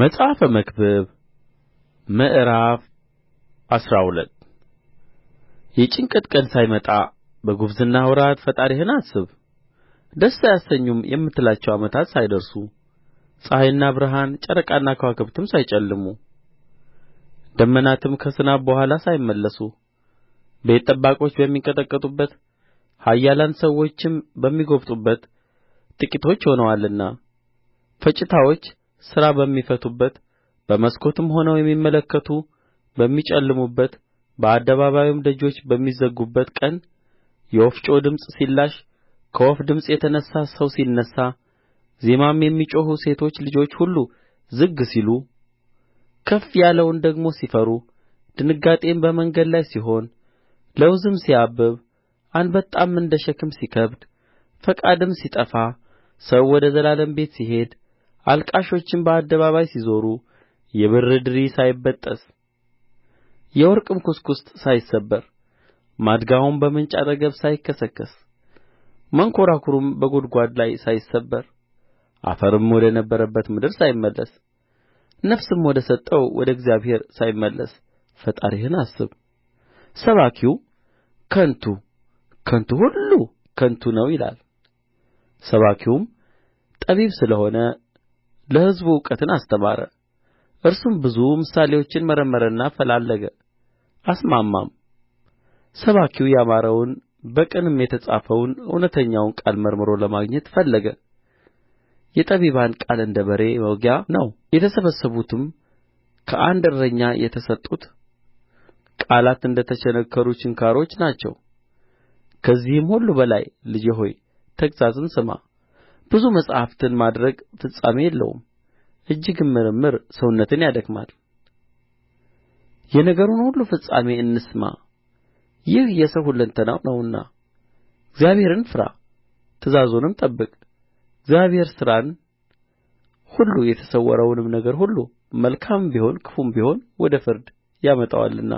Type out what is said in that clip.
መጽሐፈ መክብብ ምዕራፍ አስራ ሁለት የጭንቀት ቀን ሳይመጣ በጕብዝናህ ወራት ፈጣሪህን አስብ ደስ አያሰኙም የምትላቸው ዓመታት ሳይደርሱ ፀሐይና ብርሃን ጨረቃና ከዋክብትም ሳይጨልሙ ደመናትም ከዝናብ በኋላ ሳይመለሱ ቤት ጠባቆች በሚንቀጠቀጡበት ኃያላን ሰዎችም በሚጐብጡበት ጥቂቶች ሆነዋልና ፈጭታዎች ሥራ በሚፈቱበት በመስኮትም ሆነው የሚመለከቱ በሚጨልሙበት በአደባባይም ደጆች በሚዘጉበት ቀን የወፍጮ ድምፅ ሲላሽ ከወፍ ድምፅ የተነሣ ሰው ሲነሣ ዜማም የሚጮኹ ሴቶች ልጆች ሁሉ ዝግ ሲሉ ከፍ ያለውን ደግሞ ሲፈሩ ድንጋጤም በመንገድ ላይ ሲሆን ለውዝም ሲያብብ አንበጣም እንደ ሸክም ሲከብድ ፈቃድም ሲጠፋ ሰው ወደ ዘላለም ቤት ሲሄድ አልቃሾችም በአደባባይ ሲዞሩ የብር ድሪ ሳይበጠስ የወርቅም ኵስኵስት ሳይሰበር ማድጋውም በምንጭ አጠገብ ሳይከሰከስ መንኰራኵሩም በጕድጓድ ላይ ሳይሰበር አፈርም ወደ ነበረበት ምድር ሳይመለስ ነፍስም ወደ ሰጠው ወደ እግዚአብሔር ሳይመለስ ፈጣሪህን አስብ። ሰባኪው ከንቱ ከንቱ ሁሉ ከንቱ ነው ይላል። ሰባኪውም ጠቢብ ስለ ሆነ ለሕዝቡ እውቀትን አስተማረ እርሱም ብዙ ምሳሌዎችን መረመረና ፈላለገ አስማማም ሰባኪው ያማረውን በቅንም የተጻፈውን እውነተኛውን ቃል መርምሮ ለማግኘት ፈለገ የጠቢባን ቃል እንደ በሬ መውጊያ ነው የተሰበሰቡትም ከአንድ እረኛ የተሰጡት ቃላት እንደ ተቸነከሩ ችንካሮች ናቸው ከዚህም ሁሉ በላይ ልጄ ሆይ ተግሣጽን ስማ ብዙ መጻሕፍትን ማድረግ ፍጻሜ የለውም እጅግም ምርምር ሰውነትን ያደክማል የነገሩን ሁሉ ፍጻሜ እንስማ ይህ የሰው ሁለንተናው ነውና እግዚአብሔርን ፍራ ትእዛዙንም ጠብቅ እግዚአብሔር ሥራን ሁሉ የተሰወረውንም ነገር ሁሉ መልካምም ቢሆን ክፉም ቢሆን ወደ ፍርድ ያመጣዋልና